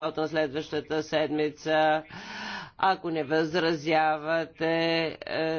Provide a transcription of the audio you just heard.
От на следващата седмица. Ако не възразявате, е,